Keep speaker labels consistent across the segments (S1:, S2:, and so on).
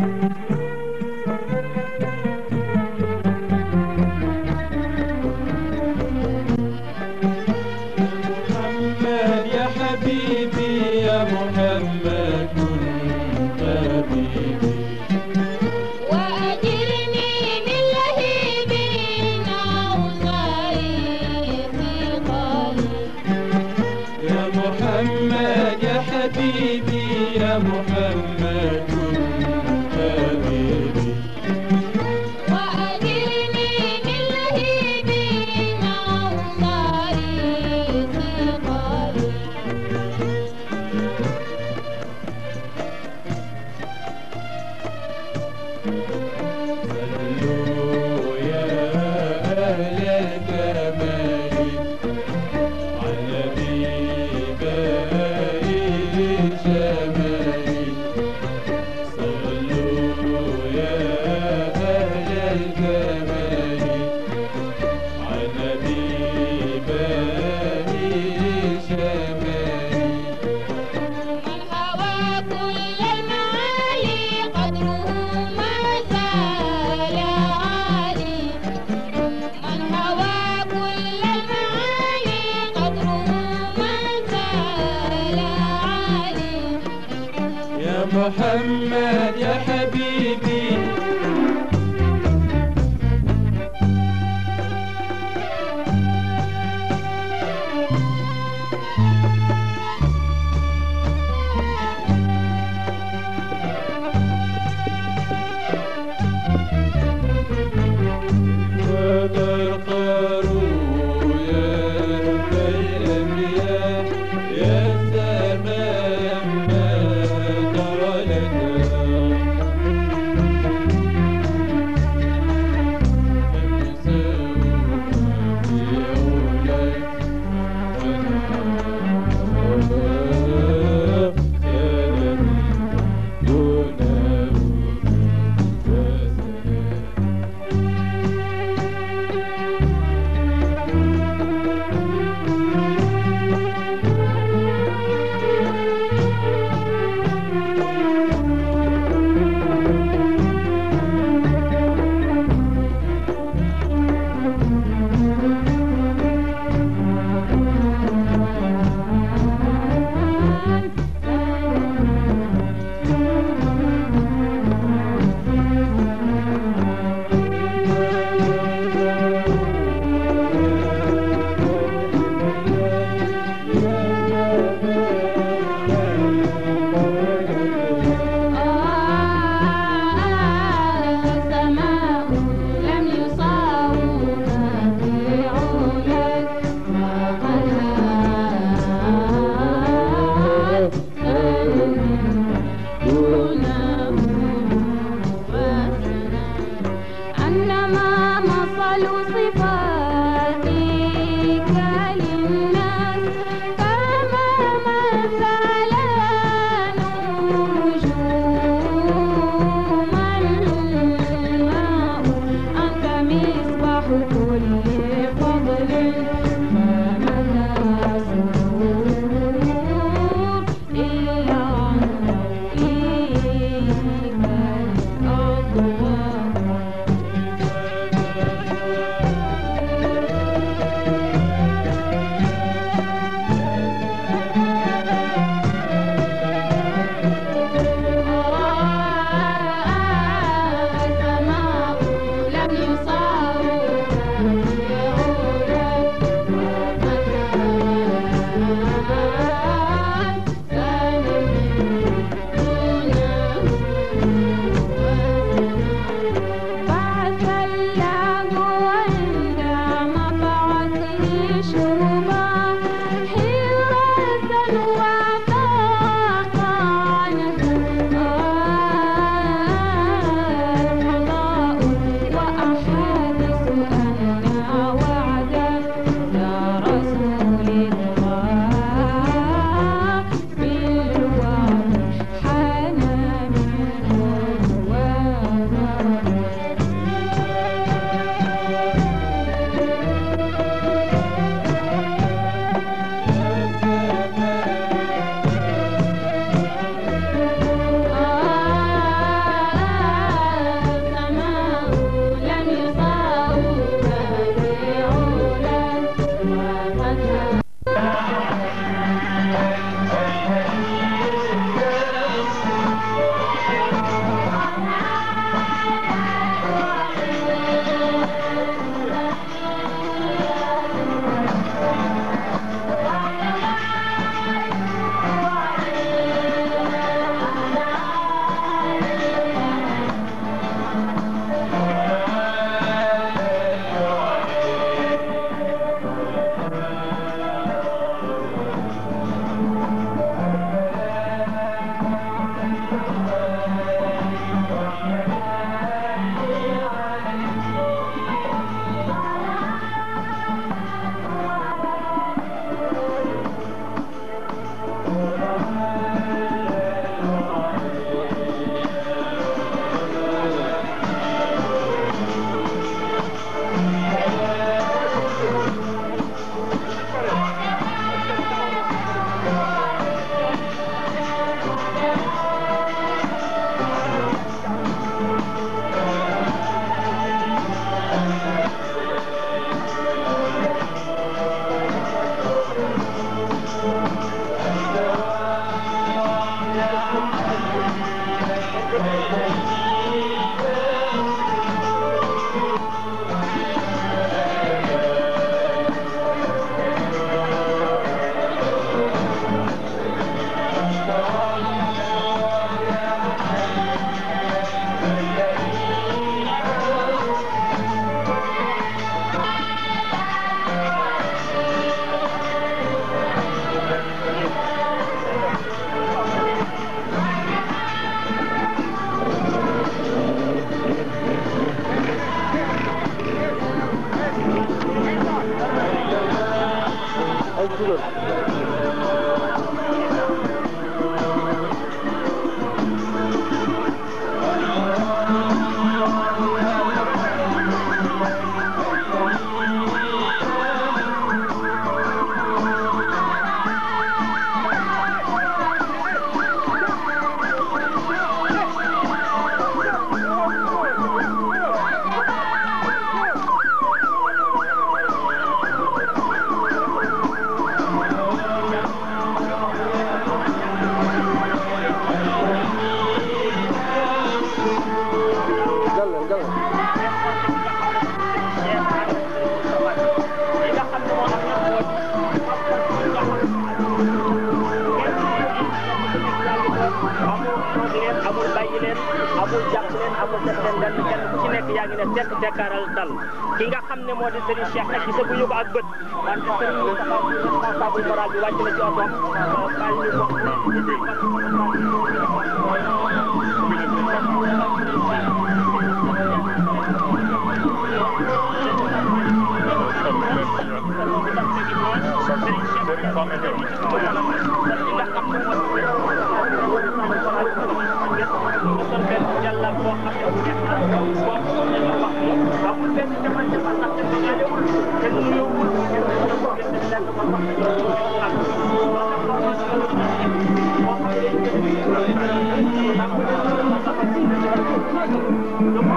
S1: thank you 啊！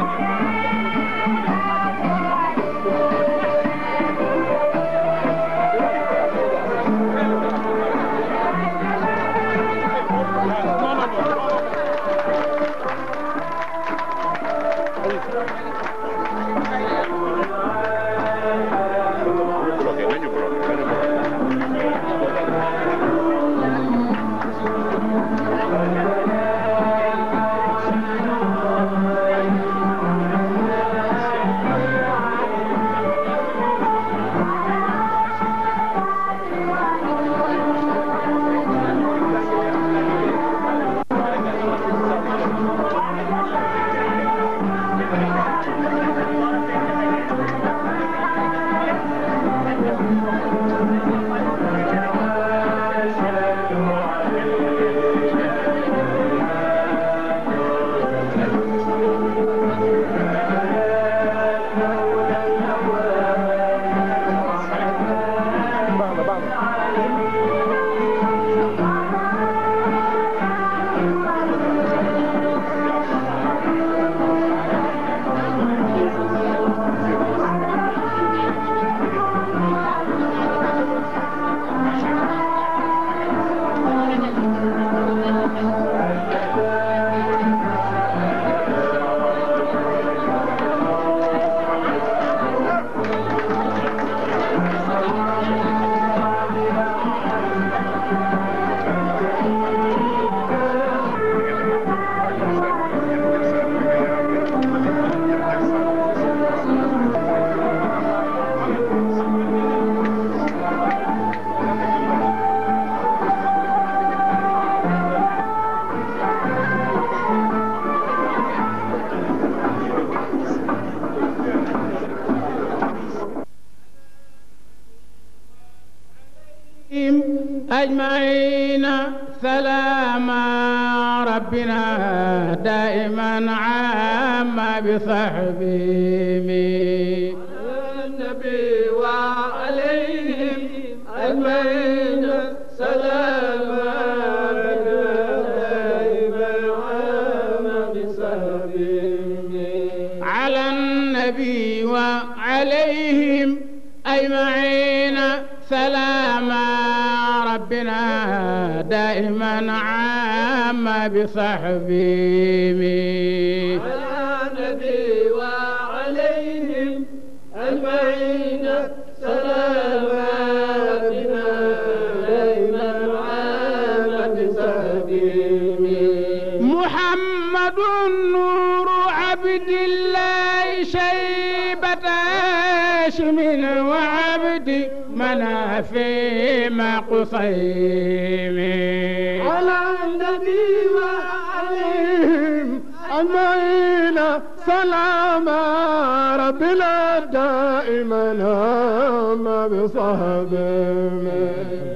S2: دائما هم بصحب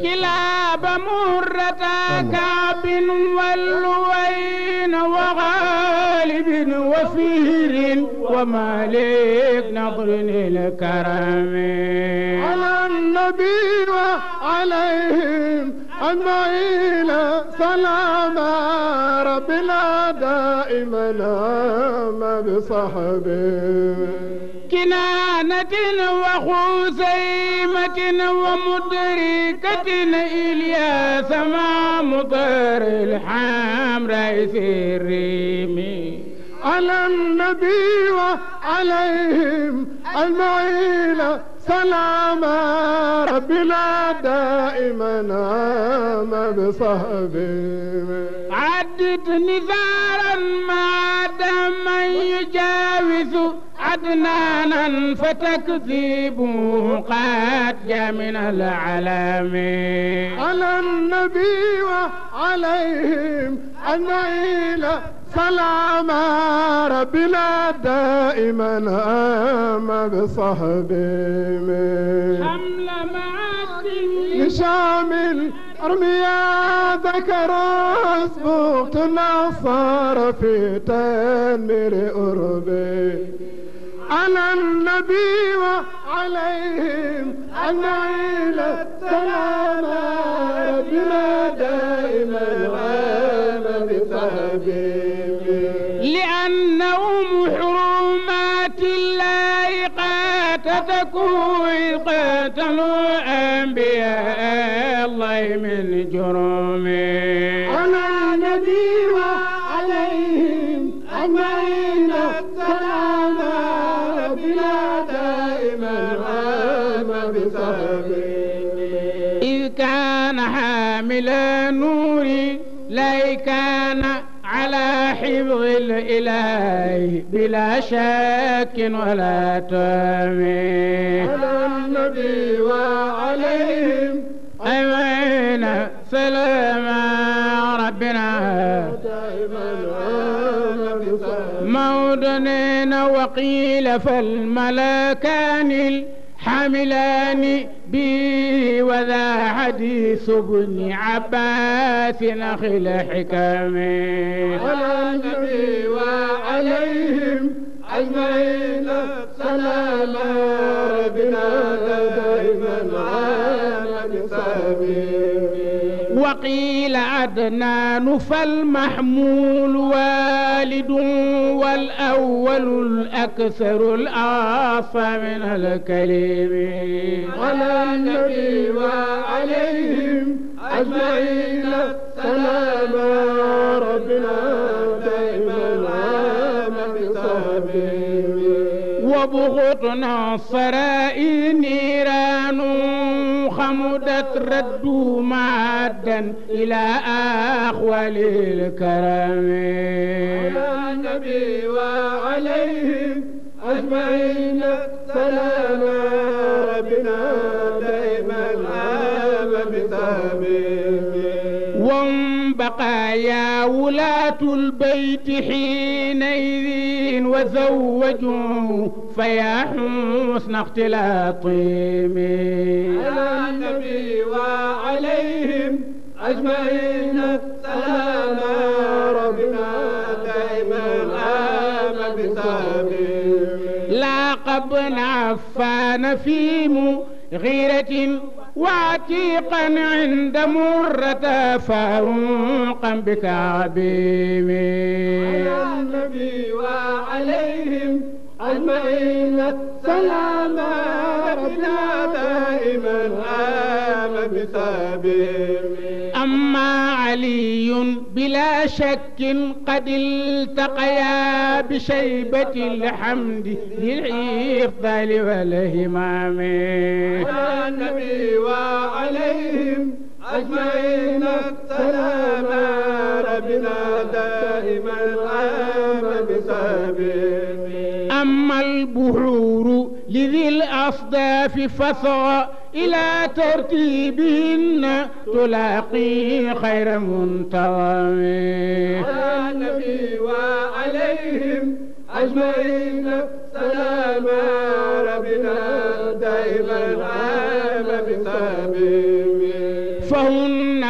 S2: كلاب
S3: مرة كعب واللوين وغالب وفير ومالك نظر الكرم
S2: على النبي وعليهم أجمعين سلاما ربنا دائما هم بصحبه
S3: كنانة وخزيمة ومدركة إلياس ما مطر الحام رئيس الريم
S2: على النبي وعليهم أجمعين سلاما ربنا دائما ما بصحبه
S3: عدد نذارا ما دام يجاوز عدنانا فتكذيبه قد جاء من العلام
S2: على النبي وعليهم النعيل سلاما ربنا دائما امك صحبي حمل
S4: معك لشامل
S2: ارمي يا ذكر اسبوك تنصر في تنمر أربي على النبي وعليهم النعيل السلام بما دائما وانا بصحبه
S3: لأنهم حرمات الله قد تكون قتلوا أنبياء من جرومي على نبي
S2: وعليهم
S3: أجمعين السلام بلا دائما غام بصحبه إذ كان حامل نوري لي كان على حفظ الإله بلا شك ولا تامي على النبي وعليهم مع ربنا مودنين وقيل فالملاكان الحملان بي وذا حديث ابن عباس نخل حكمه على
S5: النبي وعليهم أجمعين سلام ربنا
S3: وقيل عدنان فالمحمول والد والأول الأكثر الآص من الكلم على النبي
S5: وعليهم أجمعين
S3: سلام ربنا دائما عام بصحبه وبغضنا السرائي نيران وغمدت رده معدا إلى أخوال الكرم على النبي
S5: وعليهم أجمعين سلام ربنا دائما آب بتامين
S3: وقايا ولاة البيت حينئذ وزوجوا فيا حسن اختلاطهم على النبي وعليهم
S5: أجمعين سلام ربنا دائما آمن بسلام
S3: لا قبل عفان في مغيرة وعتيقا عند مرة فأنقا بك على النبي
S5: وعليهم أجمعين سلام
S3: ربنا دائما آم بسبيل أما علي بلا شك قد التقيا بشيبة الحمد للإفضال والهمام
S2: على
S3: النبي وعليهم أجمعين
S5: السلام ربنا دائما عام
S3: بسبب أما البحور لذي الأصداف فصغى إلى ترتيبهن تلاقيه خير منتظم على
S5: النبي وعليهم أجمعين سلاما ربنا
S1: دائما
S5: عام
S3: بسامي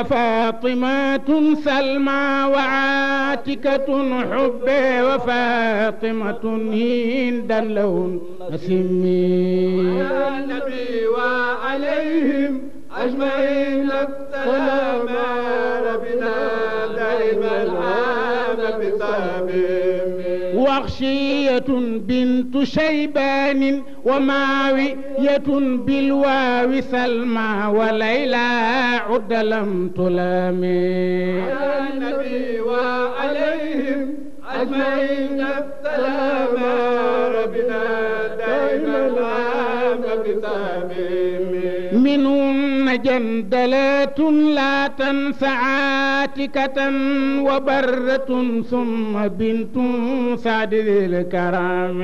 S3: فاطمة سلمى وعاتكة حب وفاطمة هند لون نسمي يا نبي وعليهم أجمعين لك سلام
S5: ربنا
S1: دائما عام بسامي
S3: واخشي بنت شيبان وماوية بالواو سلمى وليلى عد لم تلامي
S5: على النبي وعليهم أجمعين السلام ربنا دائما العام بسامي
S3: ومنهن جندلات لا تنفع عاتكة وبرة ثم بنت سعد ذي الكرام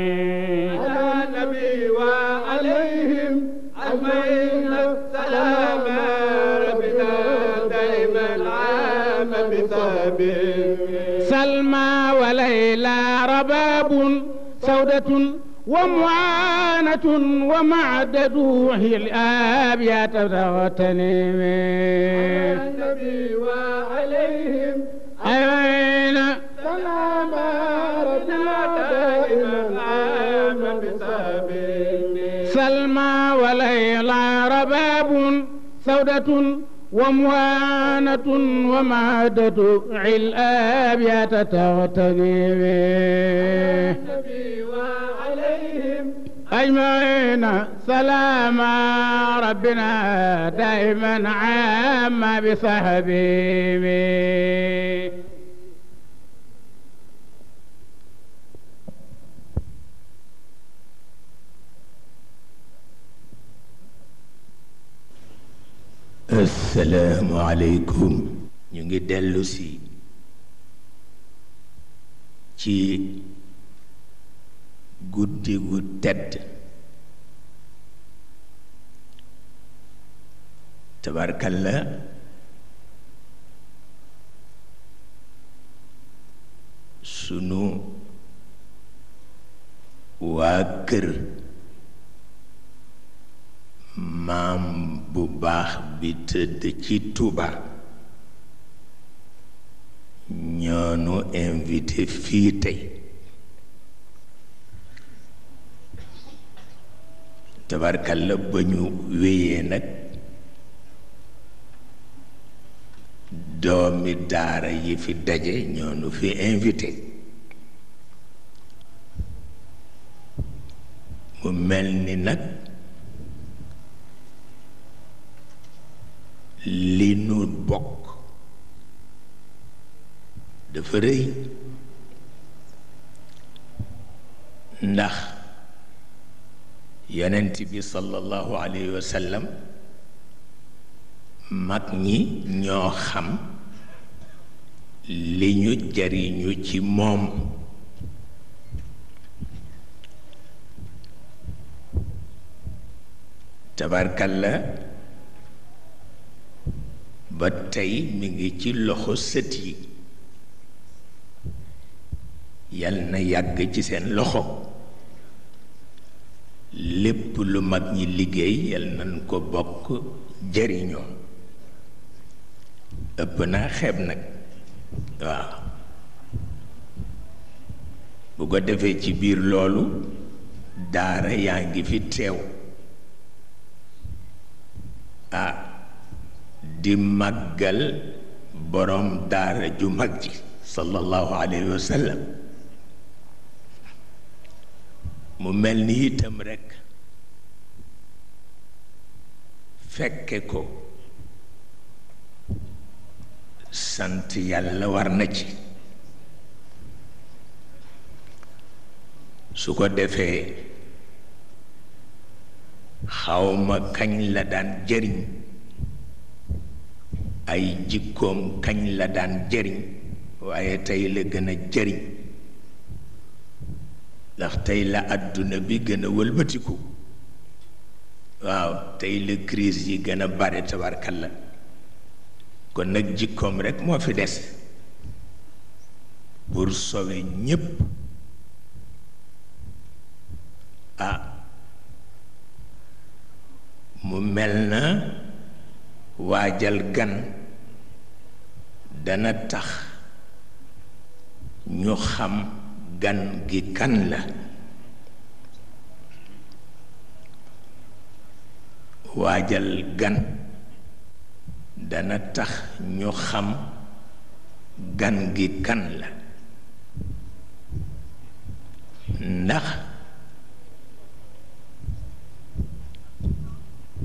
S3: على
S5: النبي
S3: وعليهم أجمعين السلام ربنا دائما عام بصحبه سلمى وليلى رباب سودة ومعانة ومعدد وهي الآبيات وتنيم على النبي
S5: وعليهم
S3: أين
S5: سلام ربنا
S3: دائما عاما سلمى وليلى رباب سودة وموانة ومعدة علابية تغتغي به
S5: وعليهم
S3: أجمعين سلام ربنا دائما عاما بصحبه
S6: assalaamu aleykum ñu ngi dellusi ci guddi gu tedd tabarkalla sunu waa kër maam bu baax bi tëdd ci Tuuba ñoonu invité fii tey tabarkalla ba ñu wéyee nag doomi daara yi fi daje ñoonu fi invité mu mel ni nag li nu bokk dafa rëy ndax yonent bi sallallahu alayhi wa sallam mag ñi ñoo xam li ñu jariñu ci moom tabarkalla ba tey mi ngi ci loxo sët yi yal na yàgg ci seen loxo lépp lu mag ñi liggéey yal nañ ko bokk jëriñoo ëpp naa xeeb nag waa bu ko defee ci biir loolu daara yaa ngi fi teew ah di màggal borom daara ju magji sallallahu alayhi wa sallam mu melni itam rek fekke ko sant yàlla war na ci su ko defé xawma kagn la dan jëriñ ay jikkoom kañ la daan jëriñ waaye tey la gën a jëriñ ndax tey la àdduna bi gën a wëlbatiku waaw tey la crise yi gën a bare la kon nag jikkoom rekk moo fi des pour sowe ñépp ah mu mel na wajal gan dana tax ñu xam gan gi kan la wajal gan dana tax ñu xam gan gi kan la ndax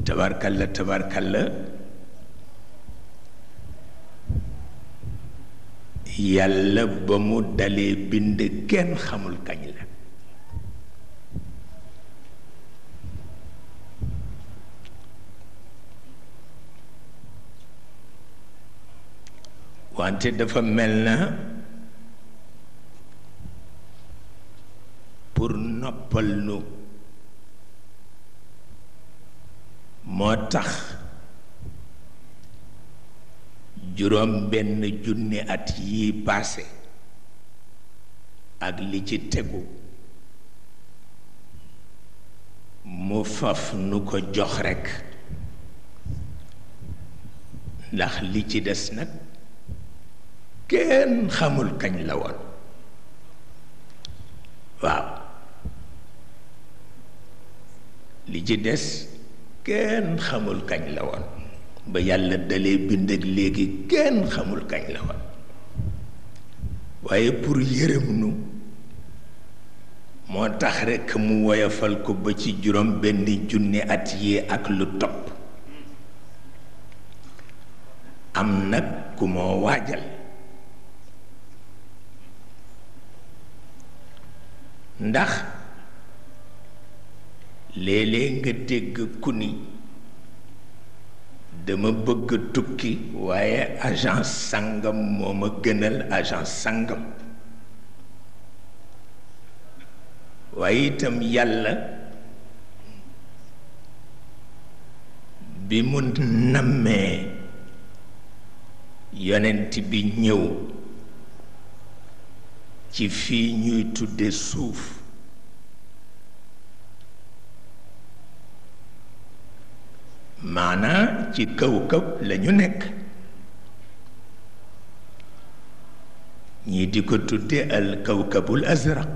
S6: tabarkalla tabarkalla yàlla ba mu dalé bind kenn xamul kañ la wante dafa mel na pour noppal nu moo tax juróom benn junni at yi paase ak li ci tegu mu faf nu ko jox rekk ndax li ci des nag kenn xamul kañ la woon waaw li ci des kenn xamul kañ la woon ba yàlla dalee bind ak léegi kenn xamul kañ la woon waaye pour yërëm nu moo tax rekk mu woyofal ko ba ci juróom benn junni at yi ak lu topp am nag ku moo waajal ndax léeg nga dégg ku ni dama bëgg tukki waaye agence sàngam moo ma gënal agence sangam waaye itam yàlla bi mu nammee yonent bi ñëw ci fii ñuy tudde suuf maanaa ci kaw lañu nekk ñii di ko tudde al kawkabul azraq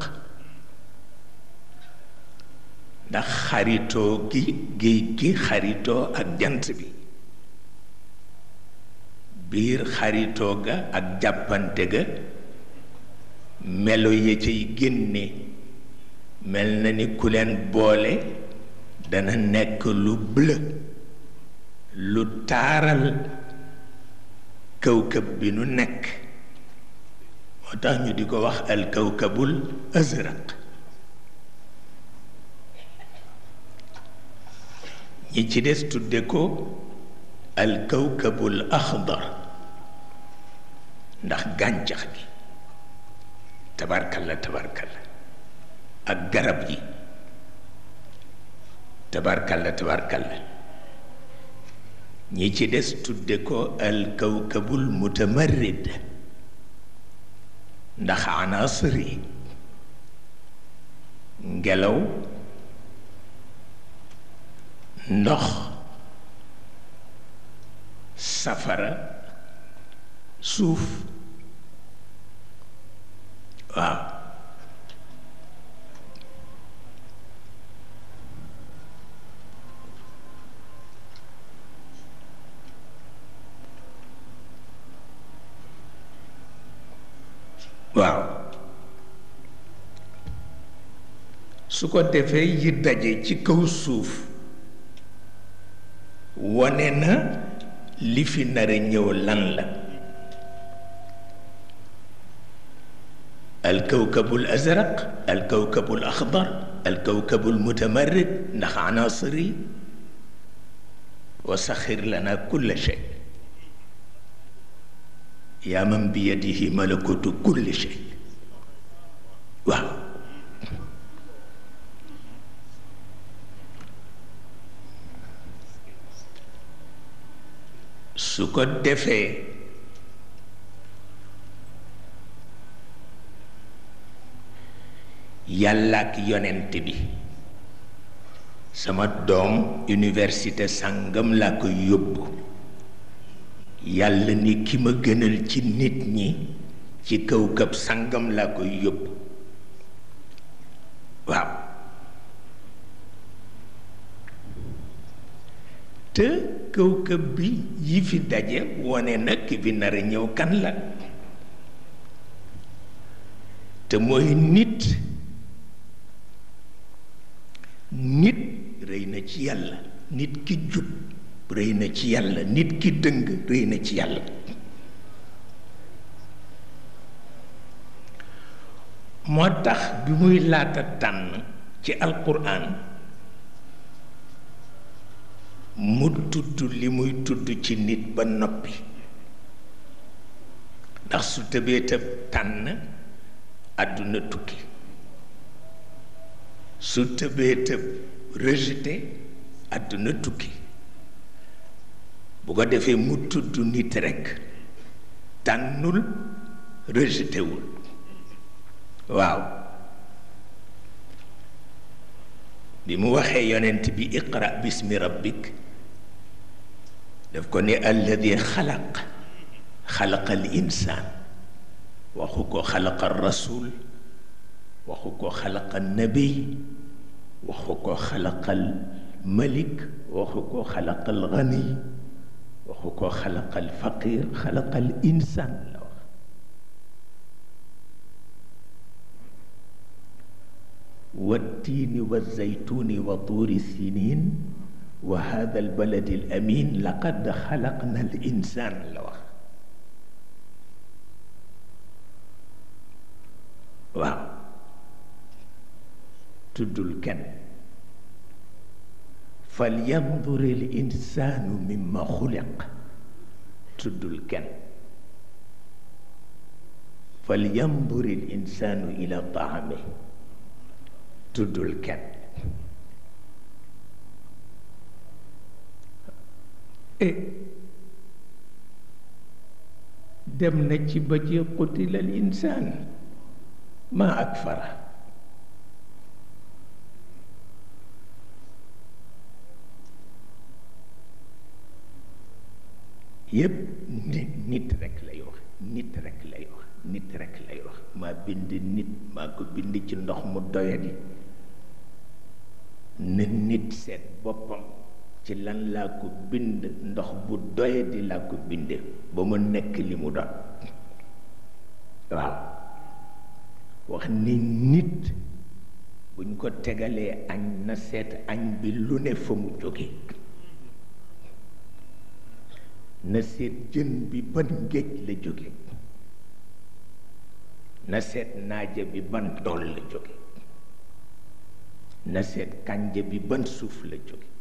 S6: ndax xaritoo gi géej gi xaritoo ak jant bi biir xaritoo ga ak jàppante ga melo ya cay génne mel na ni ku leen boole dana nekk lu bleu lu taral kawkab bi nu nek motax ñu diko wax al kawkabul azraq ñi ci dess tudde ko al kawkabul akhdar ndax gàncax gi tabarakallah tabarakallah ak garab yi tabarakallah tabarakallah ñi ci des tudde ko alkawkabul mutamarrid ndax anaasir yi ngelaw ndox safara suuf waaw su ko defee yi daje ci kaw suuf wone na li fi nara ñëw lan la الكوكب الأزرق الكوكب الأخضر الكوكب المتمرد نخ عناصري وسخر لنا كل شيء يا من بيده ملكوت كل شيء su ko defee yàlla ak yonent bi sama doom université sangam laa koy yóbbu yàlla ni ki ma gënal ci nit ñi ci kaw këb sàngam laa koy yóbbu waaw te këw-këb bi yi fi daje wone nag ki fi kan la te mooy nit nit rëy na ci yàlla nit ki jub rëy na ci yàlla nit ki dëng rëy na ci yàlla moo tax bi muy laata tànn ci alquran mu tudd li muy tudd ci nit ba noppi ndax su tëbee tam tànn àdduna tukki su tëbee tëb rejeté àdduna tukki bu ko defee mu tudd nit rekk tànnul rejeté waaw bi mu waxee yonent bi iqra bismi rabbik لفكوني الذي خلق خلق الإنسان وخوكو خلق الرسول وخوكو خلق النبي وخوكو خلق الملك وخوكو خلق الغني وخوكو خلق الفقير خلق الإنسان والتين والزيتون وطور السنين وهذا البلد الأمين لقد خلقنا الإنسان الوقت واو تدل كان فلينظر الإنسان مما خلق تدل كان فلينظر الإنسان إلى طعامه تدل كان dem na ci ba ci qutila al insaan maa akfara yëpp nit nit rek lay wax nit rek lay wax nit rek lay wax maa bind nit maa ko bind ci ndox mu doyadi na nit seet boppam ci lan laa ko bind ndox bu doy di laa ko binde ba mu nekk li mu doon waaw wax ni nit buñ ko tegalee añ na seet añ bi lu ne fa mu jóge na seet jën bi ban géej la jóge na seet naaja bi ban dool la jóge na seet kànja bi ban suuf la jóge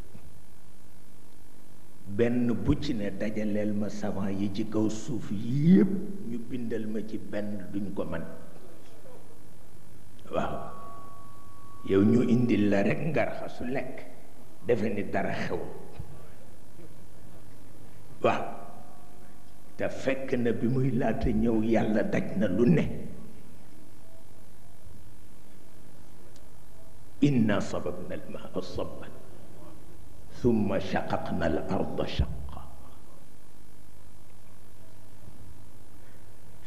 S6: benn bu ci ne dajaleel ma savant yi ci kaw suuf yépp ñu bindal ma ci benn duñ ko man waaw yow ñu indil la rekk nga raxasu lekk defe ni dara xew waaw te fekk na bi muy laata ñëw yàlla daj na lu ne inna sababna al maa sabban ثم شققنا الارض شقا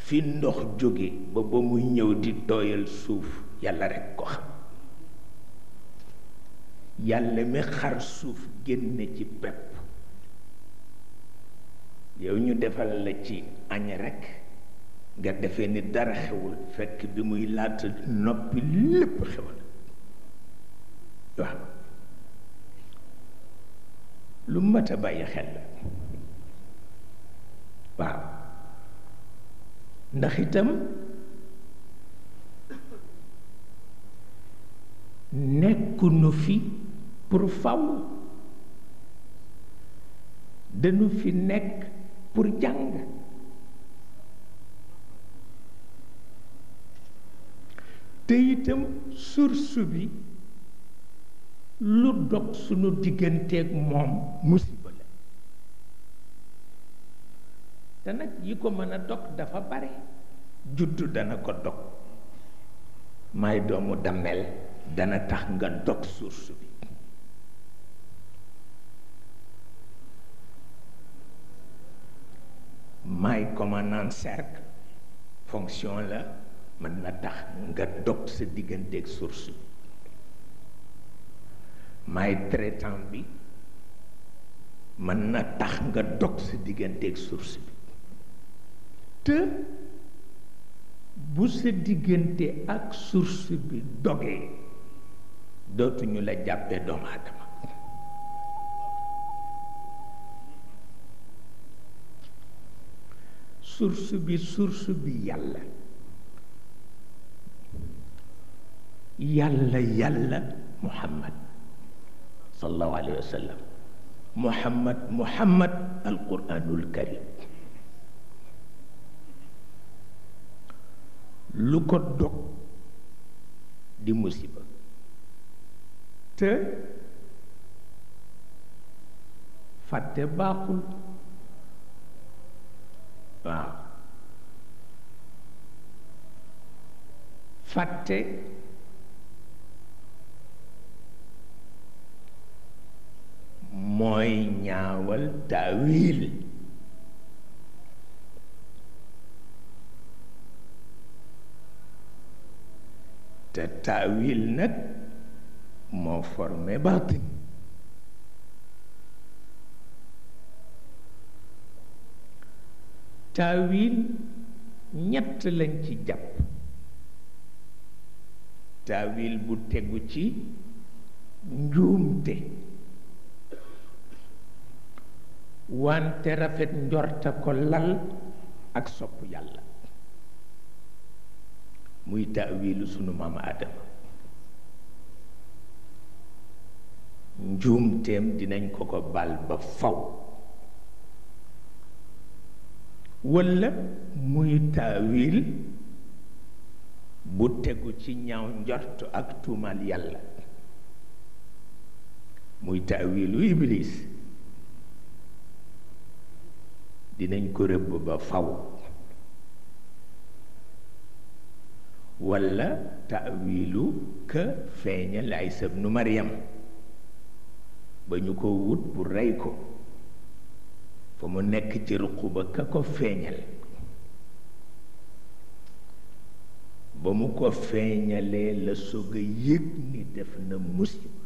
S6: fi ndox jóge ba ba muy ñëw di tooyal suuf yàlla rekk ko xam yàlla mi xar suuf génne ci pepp yow ñu defal la ci añ rekk nga defee ni dara xewul fekk bi muy laata noppi lépp xewal waaw lu mat a bàyyi xel la waaw ndax itam nekkunu fi pour faw dañu fi nekk pour jàng te itam bi lu dog sunu digganteeg moom musiba la te nag yi ko mën a dog dafa bare juddu dana ko dog may doomu dammel dana tax nga dog source bi may commandant cercle fonction la mën na tax nga dog sa digganteeg source bi may traitant bi mën na tax nga dog sa digganteeg source bi te bu sa diggante ak source bi dogee dootuñu la jàppee doomu aadama source bi source bi yàlla yàlla yàlla muhammad صلى الله عليه وسلم محمد محمد القرآن الكريم lu ko dog di musiba te fàtte baaxul waaw fàtte mooy ñaawal taawil te taawil nag moo formé baatin taawil ñett lañ ci jàpp taawil bu tegu ci njuumte wante rafet njorta ko lal ak sopp yàlla muy taawilu sunu maam Aadama njuumteem dinañ ko ko baal ba faw walla muy taawil bu tegu ci ñaw njort ak tuumaal yàlla muy taawilu iblis dinañ ko rëbb ba faw walla taawilu ka feeñal ay sab nu Maryam ba ñu ko wut bu rey ko fa mu nekk ci ruq ba ka ko feeñal ba mu ko feeñalee la soog a yëg ni def na musiba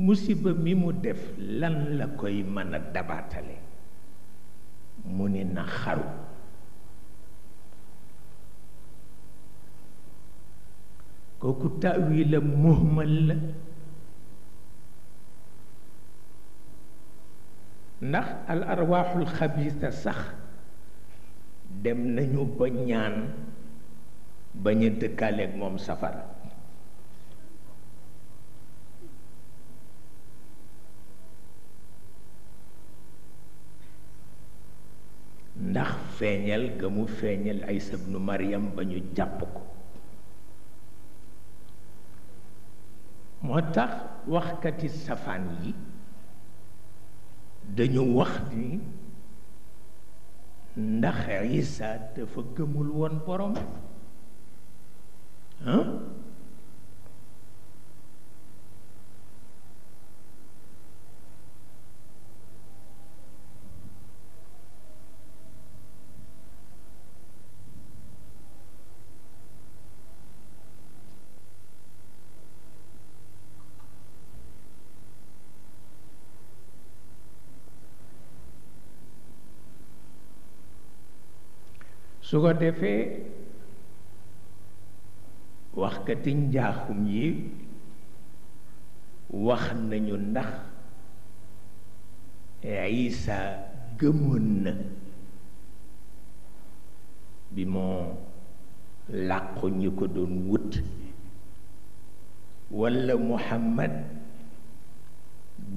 S6: musiba mi mu def lan la koy mën a dabaatale mu ni na xaru kooku taawi la muhmal la ndax al arwaaxul xabiisa sax dem nañu ba ñaan bañ a dëkkaaleeg moom safara ndax feeñal ga mu feeñal Isa bnu Maryam ba ñu jàpp ko moo tax waxkati safaan yi dañu wax ni ndax Isa dafa gëmul woon borom ah su ko defee waxkati njaaxum yi wax nañu ndax Isa gëmoon na bi moo làqu ñu ko doon wut walla Muhammad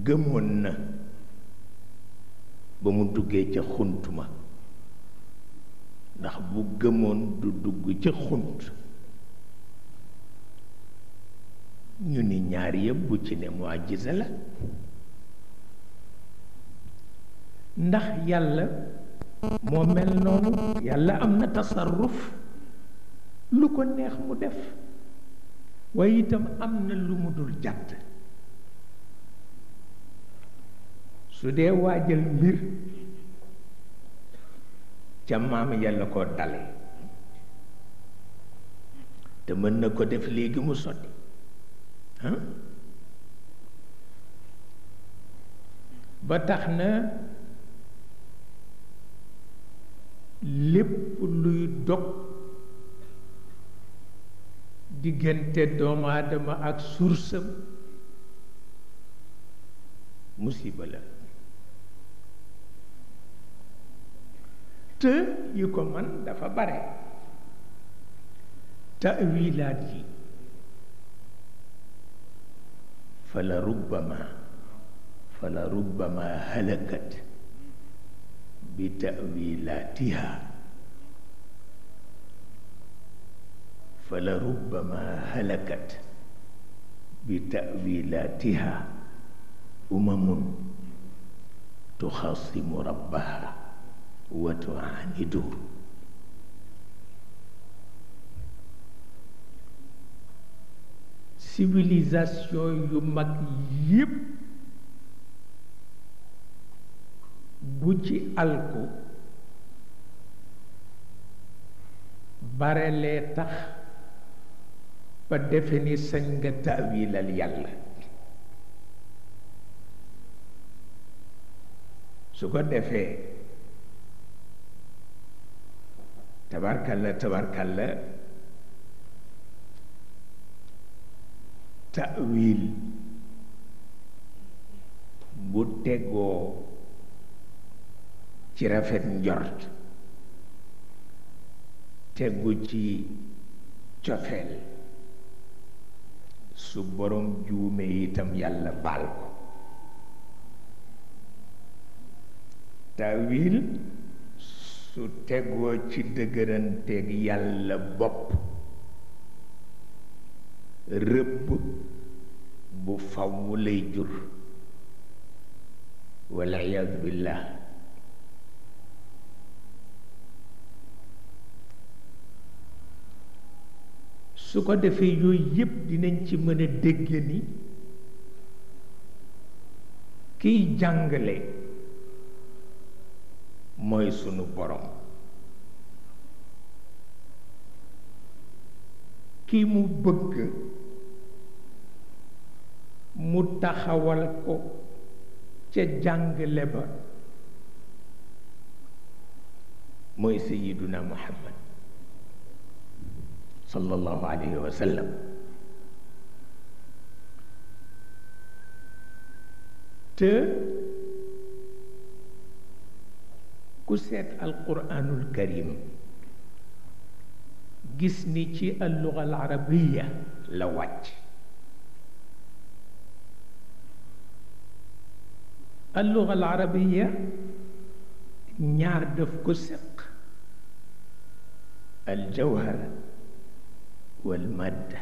S6: gëmoon na ba mu duggee ca xunt ma ndax bu gëmoon du dugg ca xunt ñu ni ñaar yëpp bu ci ne mu'jiza la ndax yàlla moo mel noonu yàlla am na tasarruf lu ko neex mu def waaye itam am na lu mu dul jàdd su dee waajal mbir ca maam yàlla ko dale te mën na ko def léegi mu sotti ha? ba tax na lépp luy dog diggante doomu aadama ak sursam musiba te yi ko man dafa bare ta'wilaat yi fala rubbama fala rubbama halakat bi ta'wilaatiha fala rubbama halakat bi ta'wilaatiha umamun tuxaasimu rabbaha وتعاندوه civilisation yu mag yépp bu ci alku bare lee tax ba defe ni sañ nga taawilal yàlla su ko defee tabarkalla tabarkalla tawil bu tegoo ci rafet njort tegu ci cofeel su borom juume itam yàlla baal ko tawil su tegoo ci dëgëranteeg yàlla bopp rëbb bu faw lay jur walla iyaadu billah su ko defee yooyu yépp dinañ ci mën a ni kiy jàngale mooy sunu borom ki mu bëgg mu taxawal ko ca jàngale ba mooy sayiduna muhammad sallallahu alayhi wa te كسر القرآن الكريم جسني تي اللغة العربية لوات اللغة العربية نعرض كسق الجوهر والمادة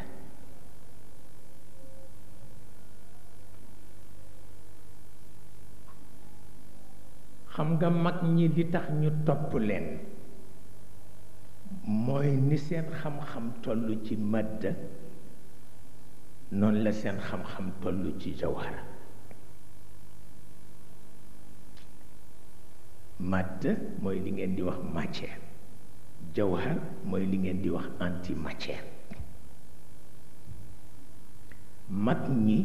S6: xam nga mag ñi di tax ñu topp leen mooy ni seen xam-xam toll ci madda noon la seen xam-xam toll ci jawhara madda mooy li ngeen di wax matière jawhar mooy li ngeen di wax anti matière mag ñi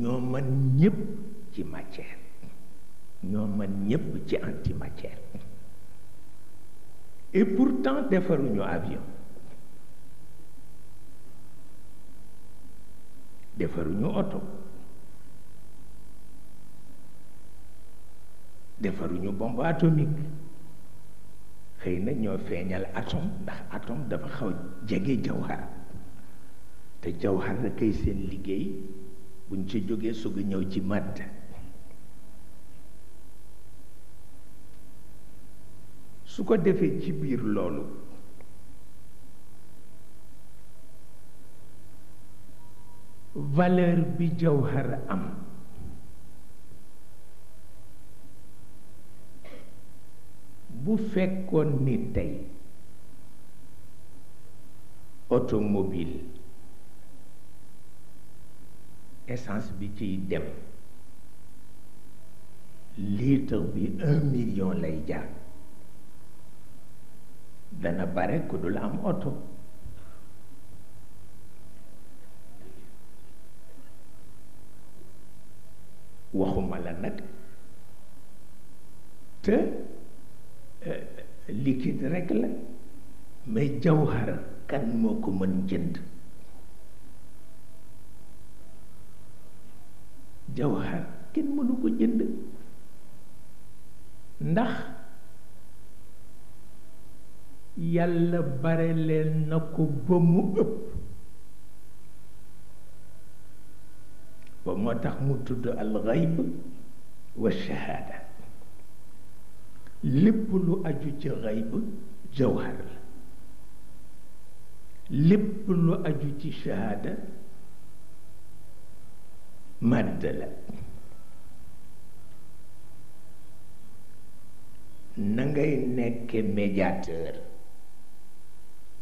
S6: ñoo mën ñépp ci matière ñoo mën ñépp ci antimatière et pourtant defaruñu avion defaruñu oto defaruñu bombe atomique xëy na ñoo feeñal atome ndax atome dafa xaw jege jawhar te jawhar rekay seen liggéey buñ ci jógee sug a ñëw ci madd su ko defee ci biir loolu valeur bi jawhar am bu fekkoon ni automobile essence bi ciy dem litre bi un million lay dana bare ku dul am oto waxuma la nag te eh, liquide rekk la mais jawhar kan moo ko mën jënd jawhar kenn mënu ko jënd ndax yàlla bare leen na ko ba mu ëpp ba moo tax mu tudd alxayb wa shahaada lépp lu aju ci xayb jawhar shahaada màdd la na ngay nekke médiateur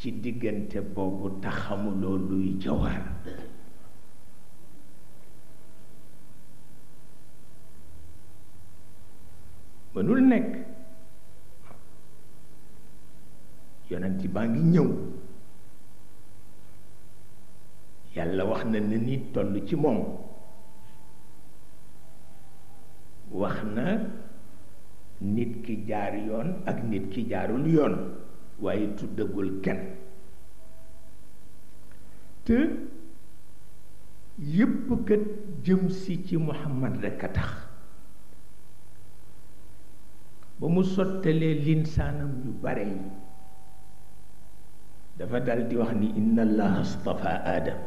S6: ci diggante boobu taxamuloo luy jawaar mënul nekk yonent baa ngi ñëw yàlla wax na ne nit toll ci moom wax na nit ki jaar yoon ak nit ki jaarul yoon waaye tuddagul kenn te yépp kat jëm si ci Muhammad rekk a tax ba mu sottalee linsaanam yu bare yi dafa dal di wax ni inna allaha astafa aadam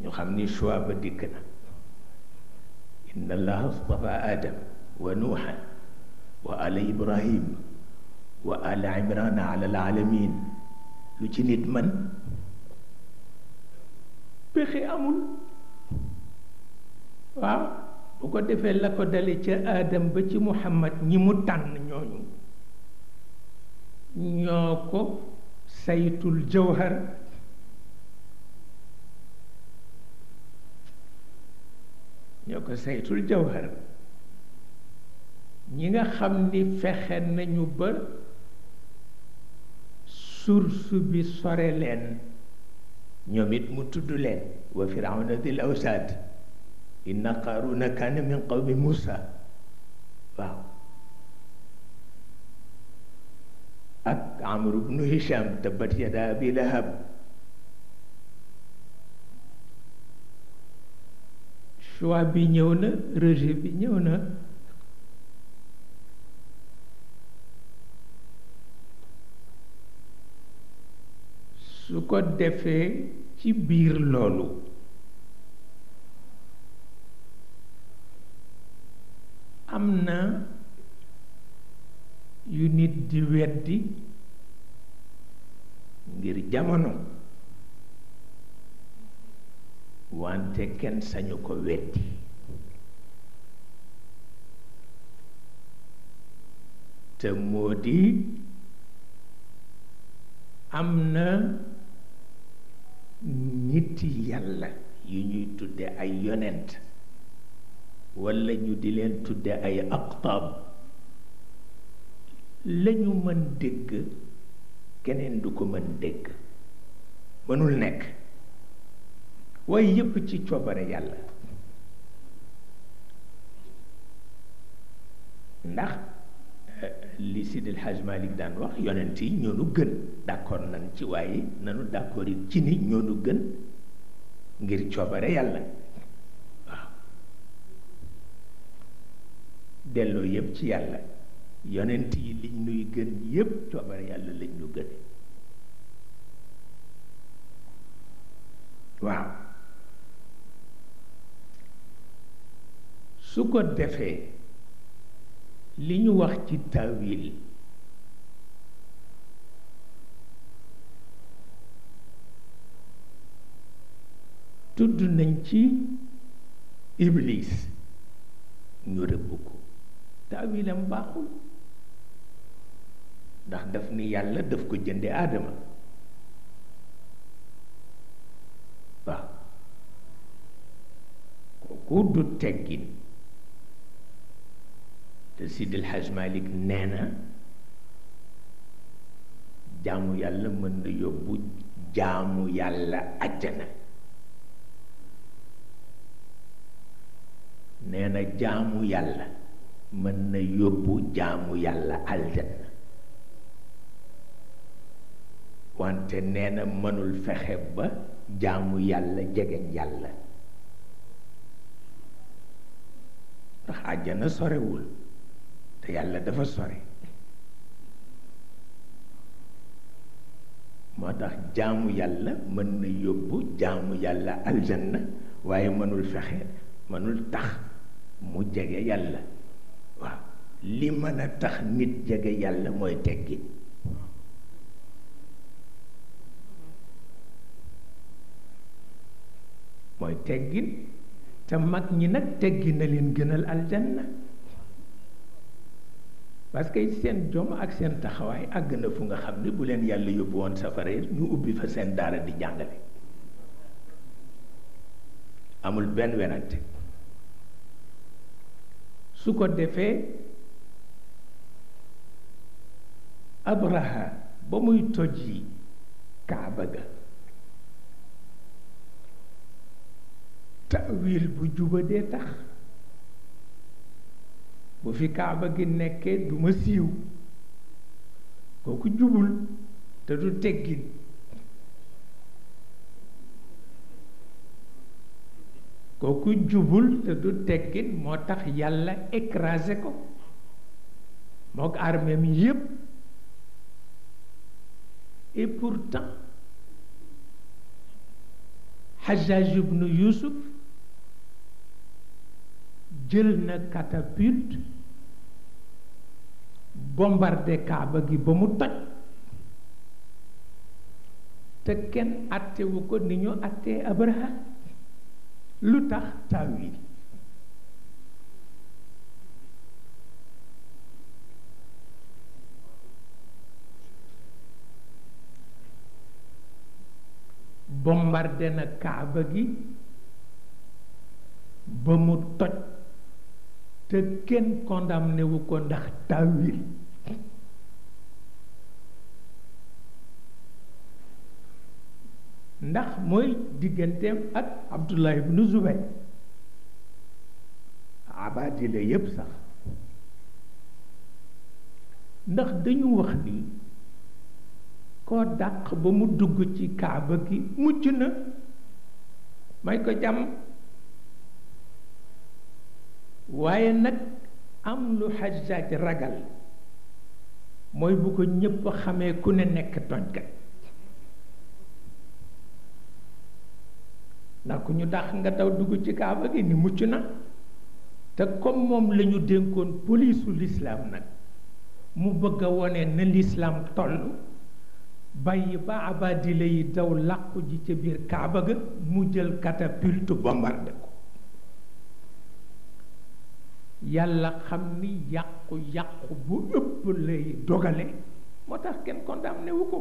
S6: ñu xam ni choix ba dikk na inna allaha astafa aadam wa nuuxan وآل إبراهيم وآل عمران على العالمين لوتي نيت مان بخي امول وا بوكو ديفه لاكو دالي تي ادم با تي محمد ني مو تان ньо ญ و ньоكو سيت الجوهر ньоكو سيت الجوهر ñi nga xam ni fexe nañu ba source bi sore leen ñoom it mu tudd leen wa firawna dil awsaad inna qaruna kaana min qawmi muusa waaw ak amru bnu hisham tabbat yada abi lahab choix bi ñëw na rejet bi ñëw na su ko defee ci biir loolu am na yu nit di weddi ngir jamono wante kenn sañu ko weddi te moo di am na nit yàlla yi ñuy tudde ay yonent walla ñu di leen tudde ay aqtaab lañu mën dégg keneen du ko mën dégg mënul nekk waaye yépp ci coobare yàlla ndax li Sidi El Hadj daan wax yonent yi ñoo nu gën d'accord nañ ci waaye nanu d'accord ci ni ñoo nu gën ngir coobare yàlla waaw delloo yépp ci yàlla yonent yi liñ nuy gën yépp coobare yàlla lañ ñu gën waaw su ko defee li ñu wax ci tawil tudd nañ ci iblis ñu rëbb ko taawilam baaxul ndax daf ni yàlla daf ko jënde aadama waaw kooku du teggin te Sidil Hadj Malick nee na jaamu yàlla mën na yóbbu jaamu yàlla àjjana nee na jaamu yàlla mën na yóbbu jaamu yàlla àjjana wante nee na mënul fexe ba jaamu yàlla jegeñ yàlla ndax àjjana sorewul yàlla dafa sore moo tax jaamu yàlla mën na yóbbu jaamu yàlla aljanna waaye mënul fexe mënul tax mu jege yàlla waaw li mën a tax nit jege yàlla mooy teggin mooy teggin te mag ñi nag teggi na leen gënal aljanna parce que seen jom ak seen taxawaay àgg na fu nga xam ne bu leen yàlla yóbbu woon safara ñu ubbi fa seen daara di jàngale amul benn werante su ko defee abraha ba muy toj kaaba ga tawil bu juba dee tax bu fi kaaba gi nekkee du ma siiw kooku jubul te du teggin kooku jubul te du teggin moo tax yàlla écrasé ko mook armée mi yépp et pourtant Hajjaj ibnu Yusuf jël na catapulte bombardé kaaba gi ba mu toj te kenn attewu ko ni ñu attee Abraha lu tax tawil bombardé na kaaba gi ba mu toj te kenn condamné wu ko ndax tawil ndax mooy digganteem ak Abdullah nu Zubayr abadi yépp sax ndax dañu wax ni koo dàq ba mu dugg ci kaaba gi mujj na may ko jàmm waaye nag am lu xajjaaj ragal mooy bu ko ñépp xamee ku ne nekk tooñkat ndax ku ñu dàq nga daw dugg ci kaaba gi ni mucc na te comme moom la dénkoon polisu lislaam nag mu bëgg a wone na lislaam toll bàyyi ba abadila yi daw làqu ji ca biir kaaba ga mu jël catapulte bombardé ko yàlla xam ni yàqu yàqu bu ëpp lay dogale moo tax kenn condamné newu ko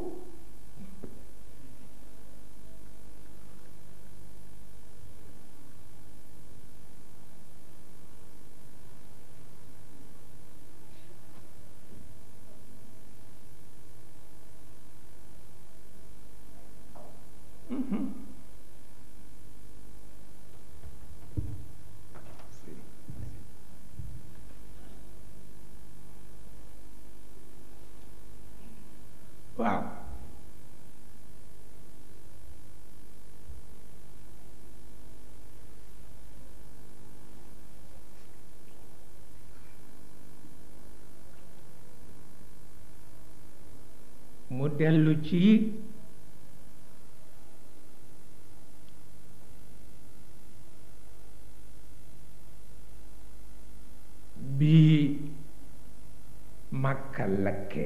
S6: ci bi Makka lakke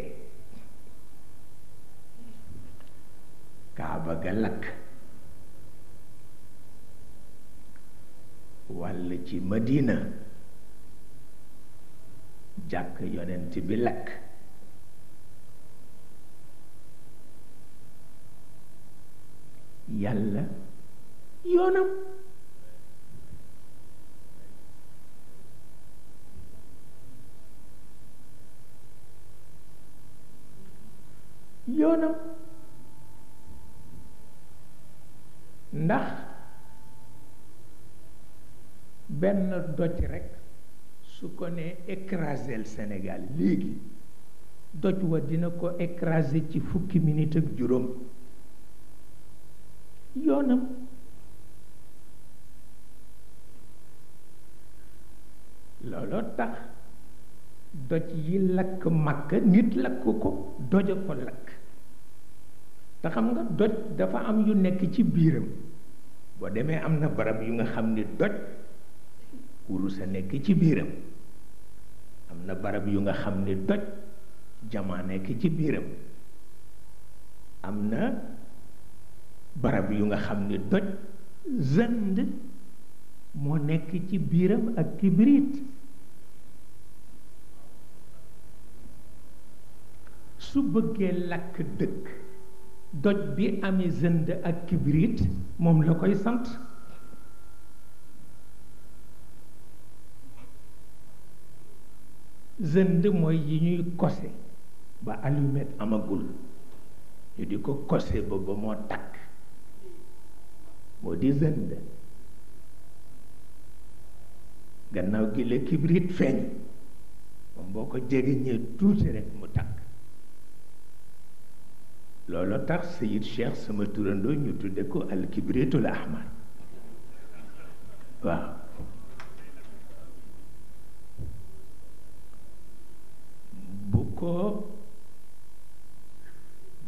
S6: Kaaba ga lakk walla ci Madina jàkk yonent bi lakk yàlla yoonam yoonam ndax benn doj rekk su ko nee écrasel Sénégal léegi doj wa dina ko écraser ci fukki minute ak juróom yoonam looloo tax doj yi lakk màkk nit lakk ko doja ko lakk te xam nga doj dafa am yu nekk ci biiram boo demee am na barab yu nga xam ni doj wurus a nekk ci biiram am na barab yu nga xam ni doj jamaa nekk ci biiram am na barab yu nga xam ni doj zënd moo nekk ci biiram ak kibrit su bëggee lakk dëkk doj bi amee zënd ak kibrit moom la koy sant zënd mooy yi ñuy kose ba allumette amagul ñu di ko kose ba ba moo takk moo di zënd gannaaw gi la kibrit feeñ moom boo ko jegeñee tuuti rek mu takk loolu tax Sayid Cheikh sama turandoo ñu tudde ko al kibritul ahmar waaw bu ko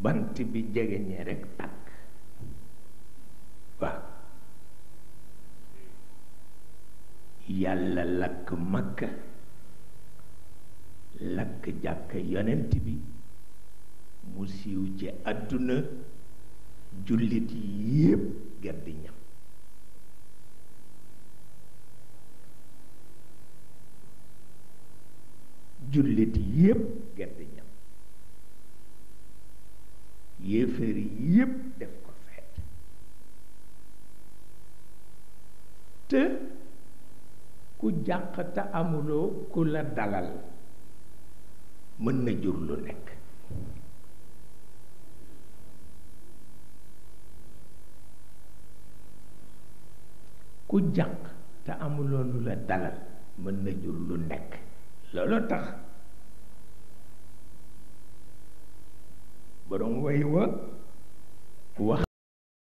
S6: bant bi jegeñee rek takk yàlla lakk makka lakk jàkka yonent bi mu siiw ci àdduna jullit yépp gerdi ñam jullit yépp def te ku jàq te amuloo ku la dalal mën na jur lu nekk ku jàq te amuloo lu la dalal mën na jur lu nekk looloo tax borom way wa
S1: wax